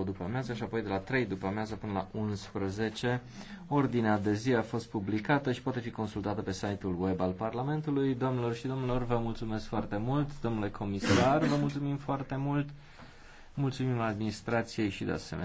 o după amiază și apoi de la 3 după amiază până la 11. Ordinea de zi a fost publicată și poate fi consultată pe site-ul web al Parlamentului. domnilor și domnilor, vă mulțumesc foarte mult. Domnule comisar, vă mulțumim foarte mult. Mulțumim administrației și de asemenea.